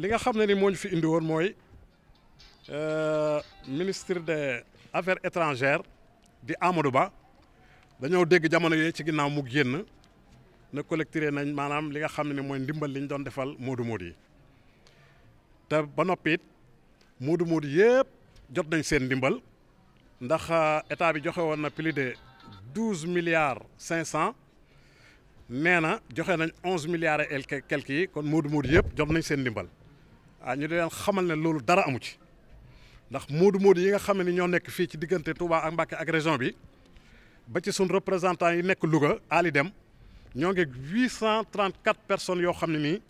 li nga xam ne ni moo ñu fi indi woon mooy euh, ministre de affaire étrangères di Amadou Ba dañoo dégg jamono yooyu ci ginnaaw mu génn na collecté nañ maanaam li nga xam ne ni mooy ndimbal li doon defal Modou Modou yi te ba noppi it Modou Modou yëpp jot nañ seen ndimbal ndax euh, état bi joxe woon na plus de douze milliards cinq cent nee na joxe nañ onze milliards et quelques yi kon Modou Modou yëpp jot nañ seen ndimbal. ah ñu di leen xamal ne loolu dara amu ci ndax moodu-moodu yi nga xam ne ni ñoo nekk fii ci diggante Touba ak Mbacké ak bi ba ci suñ représentant yi nekk Louga Ali Dem ñoo ngi huit cent trente quatre personnes yoo xam ne nii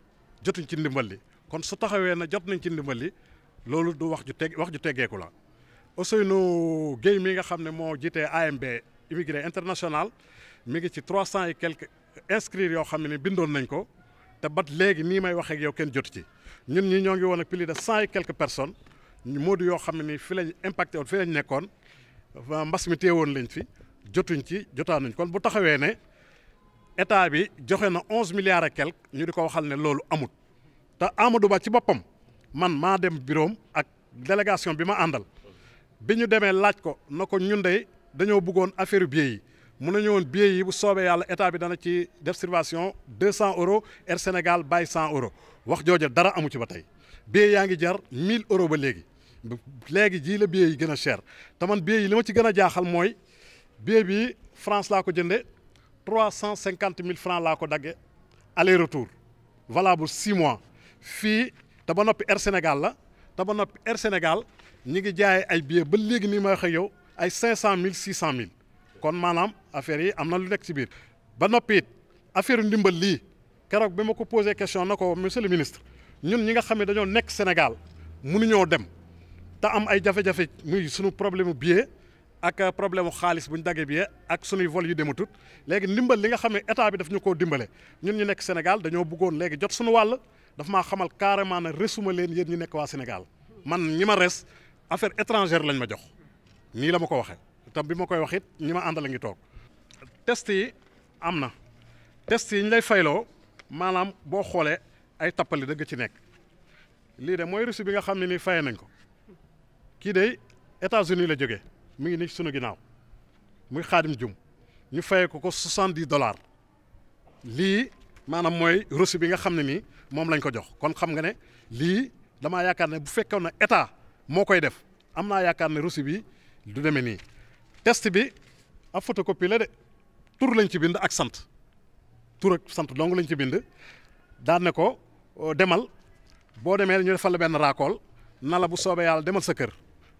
jotuñ ci ndimbal li kon su taxawee na jot nañ ci ndimbal li loolu du wax ju teg wax ju teggeeku la Ousseynou Guèye mi nga xam ne moo jiitee AMB immigré international mi ngi ci trois cent et quelques inscrits yoo xam ne ni bindoon nañ ko. te bat léegi nii may wax ak yow kenn jotu ci ñun ñi ñoo ngi woon ak plus de cent et quelques personnes moodu yoo xam ne ni fi lañ impacté woon fi lañ nekkoon mbas mi téewoon lañ fi jotuñ ci jotaanuñ kon bu taxawee ne état bi joxe na onze milliards et quelque ñu di ko waxal ne loolu amut te Amadou Ba ci boppam man maa dem biroom ak délégation bi ma àndal bi ñu demee laaj ko na ko ñun de dañoo buggoon affaire bi yi mun nañu woon billets yi bu soobee yàlla état bi dana ci def subvention deux cent euros Air Sénégal bàyyi cent wax jooja dara amu ci ba tey billets yaa ngi jar mille euros ba léegi léegi jii la billets yi gën a cher te man yi li ma ci gën a jaaxal mooy billet bi France laa ko jëndee trois cent cinquante mille francs laa ko daggee aller retour valable six mois fii te ba noppi Air Sénégal la te ba noppi Air Sénégal ñi ngi jaayee ay billets ba léegi nii may wax ak yow ay cinq cent mille six cent mille. kon maanaam affaire yi am na lu nekk ci biir ba noppi affaire ndimbal lii keroog bi ma ko posé question na ko monsieur le ministre ñun ñi nga xam ne dañoo nekk Sénégal mënuñoo dem te am ay jafe-jafe muy sunu problème mu billet ak problème mu xaalis bu ñu daggee billet ak sunuy vol yu dematut léegi ndimbal li nga xam ne état bi daf ñu koo dimbale ñun ñu nekk Sénégal dañoo buggoon léegi jot sunu wàll daf maa xamal carrément na resuma leen yéen ñu nekk waa Sénégal man ñi ma res affaire étrangère ma jox nii la ma ko waxee. te bi ma koy wax ñi ma àndal a ngi toog test yi am na test yi ñu lay fayloo maanaam boo xoolee ay tappali dëgg ci nekk lii de mooy reçu bi nga xam ne nii faye nañ ko kii de États-Unis la jóge mu ngi nii sunu ginnaaw muy xaadim jum ñu fayee ko ko soixante-dix dollars lii maanaam mooy reçu bi nga xam ne nii moom lañ ko jox kon xam nga ne lii damaa yaakaar ne bu fekkoon na état moo koy def am naa yaakaar ne reçu bi du demee nii test bi ab photocopie la de tur lañ ci bind ak sant tur ak sant dong lañ ci bind daan ne ko oh, demal boo demee ñu defal la benn raakool na la bu soobee yàlla demal sa kër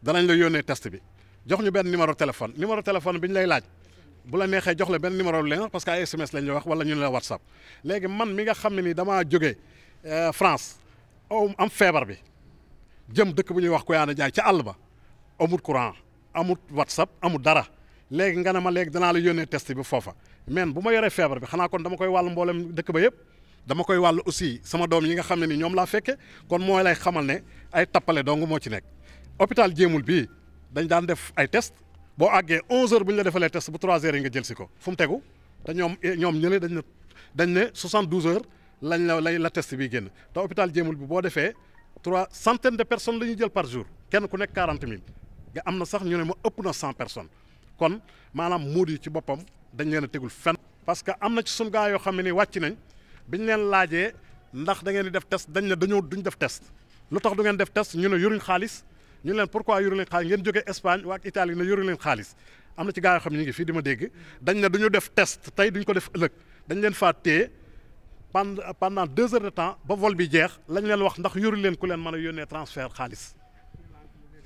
danañ la yónnee test bi jox ñu benn numéro téléphone numéro téléphone bi ñu lay laaj bu la neexee jox la benn numéro leen parce que ay SMS lañ la wax wala ñu ne la WhatsApp léegi man mi nga xam ne ni damaa jógee euh, France am feebar bi jëm dëkk bu ñuy wax Koyaana jaay ca àll ba amul courant. amut whatsapp amut dara léegi nga ne ma léegi danaa la yónnee test bi foofa men bu ma yoree feebar bi xanaa kon dama koy wàll mboolem dëkk ba yëpp dama koy wàll aussi sama doom yi nga xam ne ni ñoom laa fekke kon mooy lay xamal ne ay tappale dong moo ci nekk hôpital jéemul bi dañ daan def ay test boo àggee onze heures bu ñu la defalee test bu trois heures yi nga jël si ko fu mu tegu te ñoom eh, ñoom ñële dañ ne dañ ne soixante douze heures lañ la lay la test bi génn te hôpital bi boo defee trois centaines de personnes la ñuy jël par jour kenn ku nekk quarante mille nga am na sax ñu ne ma ëpp na cent personnes kon maanaam muud yi ci boppam dañ leen a tegul fenn. parce que am na ci sunu gaa yoo xam ne ni wàcc nañ biñ leen laajee ndax da ngeen di def test dañ ne dañoo duñ def test lu tax du ngeen def test ñu ne yoruñ xaalis ñu leen pourquoi yoru leen xaalis ngeen jógee Espagne waa Italie ne yoru leen xaalis am na ci gaa yoo xam ne ñu ngi fii di ma dégg dañ ne duñu def test tey duñ ko def ëllëg dañ leen faa téye pandant deux heures de temps ba vol bi jeex leen wax ndax yoru leen ku leen mën a yónnee transfert xaalis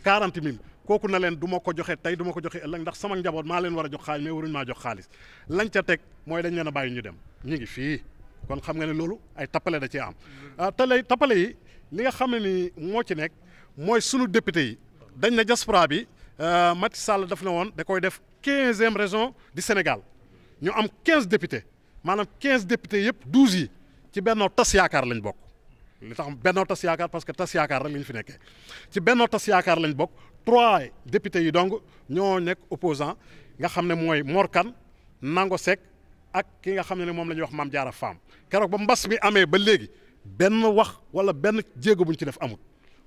quarante mille kooku na leen du ma ko joxe tey duma ko joxe ëllëg ndax sama njaboot maa leen war a jox xaalis mais waruñ maa jox xaalis lañ ca teg mooy dañ leen a bàyyi ñu dem ñu ngi fii kon xam nga ne loolu ay tappale da cee am ah, tale tappale yi li nga xam ne ni moo ci nekk mooy sunu député yi dañ na diaspora bi euh, Macky Sall daf na woon da koy def quinzième raison di Sénégal ñu am quinze députés maanaam quinze députés yëpp douze yi ci Benno Tas Yaakaar lañ bokk li tax Benno Tas Yaakaar parce que Tas Yaakaar rek lañ fi nekkee ci Benno Tas Yaakaar lañ bokk trois députés yi donc ñoo nekk opposant nga xam ne mooy Mor Kane Nango Seck ak ki nga xam ne moom la ñuy wax Mame Diarra Fam keroog ba mbas mi amee ba léegi benn wax wala benn jéego bu ci def amul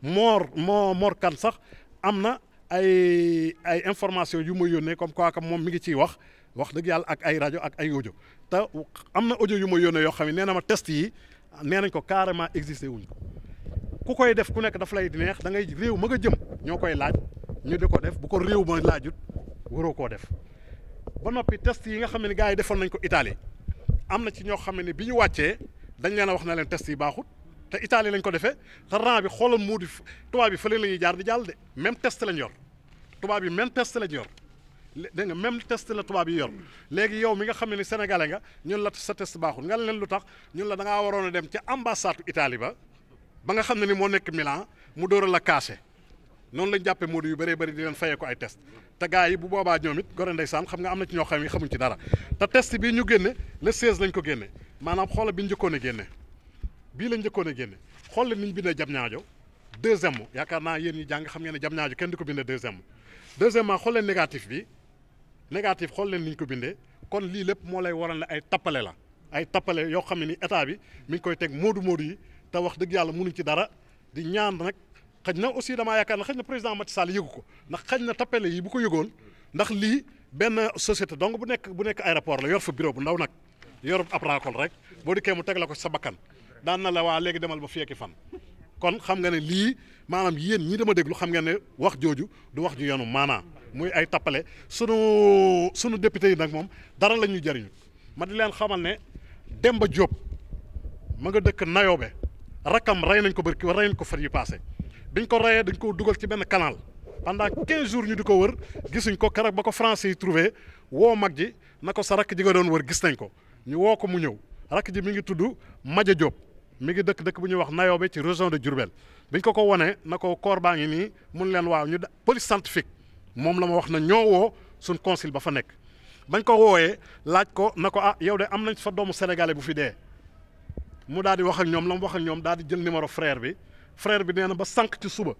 moor moo Mor Kane sax am na ay ay information yu ma yónnee comme quoi que moom mi ngi ciy wax wax dëgg yàlla ak ay rajo ak ay audio te am na ojo yu ma yónnee yoo xam ne nee na ma test yi nee nañ ko carrément existé wuñ ku koy def ku nekk daf lay neex da ngay réew ma nga jëm ñoo koy laaj ñu di ko def bu ko réew ma laajut waroo koo def ba noppi test yi nga xam ne gars yi defoon nañ ko Italie am na ci ñoo xam ne bi ñu wàccee dañ leen a wax na leen test yi baaxut te Italie lañ ko defee te rang bi xoolal muu di tubaab bi fële lañuy jaar di jàll de même test lañ yor tubaab bi même test lañ yor dégg nga même test la tubaab yi yor léegi yow mi nga xam ne sénégalais nga ñun la sa test baaxut nga leen lu tax ñun la da waroon a dem ca ambassade Italie ba ba nga xam ne ni moo nekk Milan mu dóoral a kaase noonu lañ jàppee moodu yu bëree bëri di leen fayee ko ay test te gars yi bu boobaa ñoom it gore ndeysaan xam nga am na ci ñoo xam yi xamuñ ci dara te test bii ñu génne le 16 lañ ko génne maanaam xoola bi ñu a génne bii lañ njëkkoon a xool leen ni ñu bindee jam ñaajo deuxième yaakaar naa yéen ñi jàng xam ngeen ne jam ñaajo kenn di ko bindee deuxième deuxièmement xool leen négatif bi négatif xool leen ni ñu ko bindee kon lii lépp moo lay waral ne ay tappale la ay tappale yoo xam ne ni état bi mi ngi koy teg moodu moodu yi te wax dëgg yàlla munuñ ci dara di ñaan nag xëj na aussi dama yaakaar ne xëj na président Macky Sall yëgu ko ndax xëj na tappale yi bu ko yëgoon ndax lii benn société donc bu nekk bu nekk aéroport la yor fa bureau bu ndaw nag yor ab raakol rek boo dikkee mu teg la ko sa bakkan daan na la waa léegi demal ba fekki fan kon xam nga ne lii maanaam yéen ñi dama déglu xam nga ne wax jooju du wax ju yenu maanaa muy ay tappale sunu sunu député yi nag moom dara la ñuy jëriñu ma di leen xamal ne Demba Diop ma nga dëkk Nayobe rakkam rey nañ ko bër rey nañ ko far yu passé biñ ko reyee dañ koo dugal ci benn canal pendant quinze jours ñu di ko wër gisuñ ko keroog ba ko français yi trouvé woo mag ji na ko sa rakk ji nga doon wër gis nañ ko ñu woo ko mu ñëw rakk ji mi ngi tudd Maja Diop mi ngi dëkk dëkk bu ñuy wax Nayobe ci région de Diourbel biñ ko ko wonee na ko koor baa ngi nii mun leen waaw ñu police scientifique moom la ma wax na ñoo woo suñ consul ba fa nekk bañ ko wooyee laaj ko na ko ah yow de am nañ fa doomu sénégalais bu fi dee mu daal di wax ak ñoom la mu wax ñoom daal di jël numéro frère bi frère bi neena ba sànq ci suba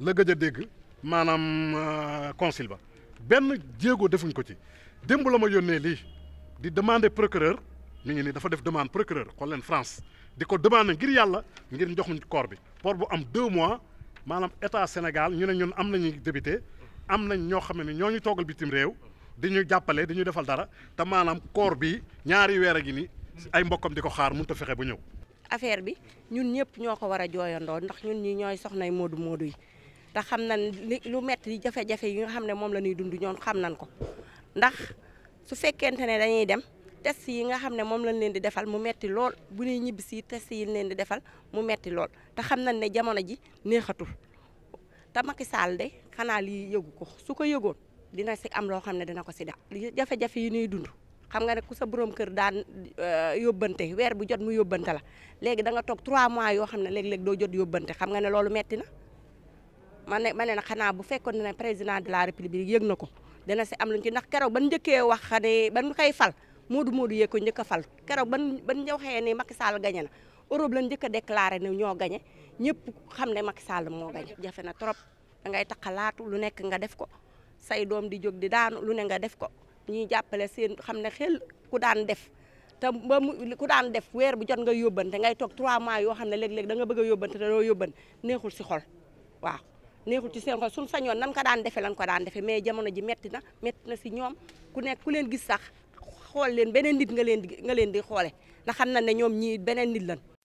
la gëj a dégg maanaam euh, consul ba benn jéego defuñ ko ci démb la ma yónnee lii di demander procureur mi ngi nii dafa def demande procureur xool leen France di ko demander ngir yàlla ngir njox mu corps bi. pour bu am deux mois maanaam état Sénégal ñu ne ñun am nañu député am nañ ñoo xam ne ñoo ñu toogal bitim réew di ñu jàppale di ñu defal dara te maanaam corps bi ñaari weer a ngi ay mbokkam di ko xaar mënut a fexe bu ñëw. affaire bi ñun ñëpp ñoo ko war a jooyandoo ndax ñun ñi ñooy soxnay moodu moodu yi te xam na li lu metti jafe-jafe yi nga xam ne moom la ñuy dund ñoom xam nañ ko ndax su fekkente ne dañuy dem test yi nga xam ne moom lañ leen di defal mu metti lool bu ñuy ñibbi si test leen di defal mu metti lool te xam nañ ne jamono ji neexatul te Macky Sall xanaa lii yëgu ko su ko yëgoon dina si am loo xam ne dina ko si da jafe-jafe yi ñuy dund xam nga ne ku sa borom kër daan euh, yóbbante weer bu jot mu yóbbante la léegi da nga toog 3 mois yoo xam ne léeg-léeg doo jot yóbbante xam nga ne loolu metti na man ne ma ne na xanaa bu fekkoon ne président de la république yëg na ko dana si am luñ ci ndax keroog ban njëkkee wax ne ban koy fal Moodu Moodu yee ko njëkk a fal keroog ban ban waxee ne Macky Sall gañe na Europe la njëkk a déclaré ne ñoo gañe ñëpp xam ne Macky Sall moo gañe jafe na trop da ngay taxalaatu lu nekk nga def ko say doom di jóg di daanu lu ne nga def ko ñuy jàppale seen xam ne xel ku daan def te ba mu ku daan def weer bu jot nga yóbbante nga toog trois mois yoo xam ne léeg-léeg da nga bëgg a yóbbante te doo yóbban neexul si xol waaw neexul ci seen xol suñ sañoon nan ko daan defe lan ko daan defe mais jamono ji metti na metti na si ñoom ku nekk ku leen gis sax xool leen beneen nit nga leen di nga leen di xoole ndax xam na ne ñoom ñii beneen nit lan